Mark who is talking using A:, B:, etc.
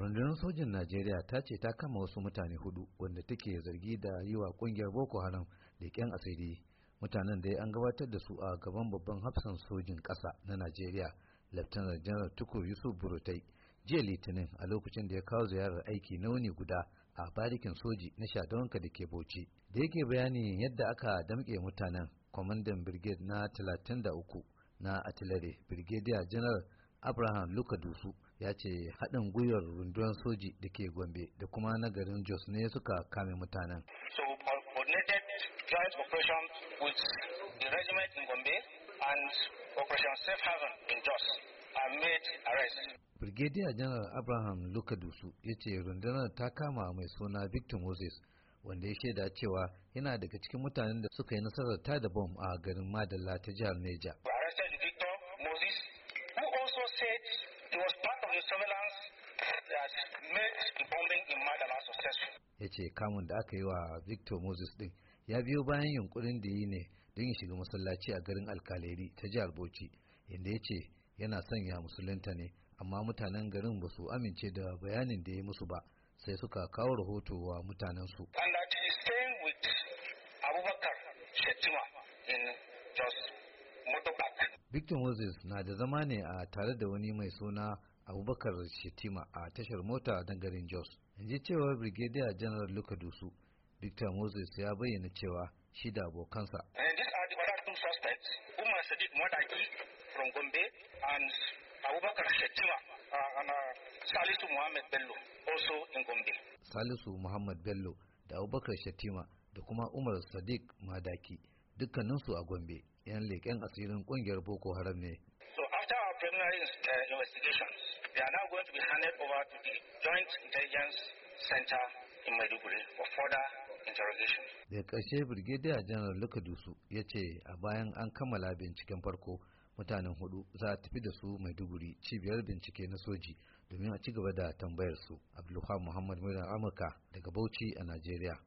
A: rundunar sojin najeriya ta ce ta kama wasu mutane hudu wanda take zargi da yi wa kungiyar boko haram leƙen asiri mutanen da an gabatar da su a gaban babban hafsan sojin ƙasa na najeriya laftanar janar tukur yusuf burutai jiya litinin a lokacin da ya kawo ziyarar aiki na wuni guda a barikin soji na shadonka da ke bauchi da yake bayani yadda aka damƙe mutanen kwamandan brigade na uku na artillery brigadier general abraham luka dusu ya ce haɗin gwiwar rundunar soji da ke gombe da kuma na garin jos ne suka kame mutanen
B: so coordinated joint with the in
A: and operation brigadier general abraham luka dusu ya ce rundunar ta kama mai suna victor moses wanda ya shaida cewa yana daga cikin mutanen da suka yi nasarar ta da bom a garin madalla ta jihar neja
B: victor moses It was part of the surveillance that
A: Ya ce kamun da aka yi wa Victor Moses din ya biyo bayan yunkurin da yi ne don ya shiga masallaci a garin alkaleri ta jihar Bauchi inda ya ce yana sanya musulunta ne amma mutanen garin ba su amince da bayanin da ya musu ba sai suka kawo rahoto wa mutanen su. with
B: Abubakar Shetima in Jos
A: Victor Moses na da zama ne a tare da wani mai suna Abubakar Shetima a tashar mota a dangaren Jos. In ji cewa Brigadier General Luka Dusu, Victor Moses ya bayyana cewa shi da abokansa.
B: Uh, uh, Salisu Muhammad Bello
A: Salisu Muhammad Bello da Abubakar Shetima da kuma Umar Sadiq Madaki dukkaninsu a Gombe. yan leƙen asirin ƙungiyar boko haram ne
B: so after our preliminary uh, investigations they are now going to be handed over to the joint intelligence center in maiduguri for further interrogation
A: da ƙarshe brigadier general luka dusu ya ce a bayan an kammala binciken farko mutanen hudu za a tafi da su maiduguri cibiyar bincike na soji domin a ci gaba da tambayar su abdulhamid muhammad mai amurka daga bauchi a najeriya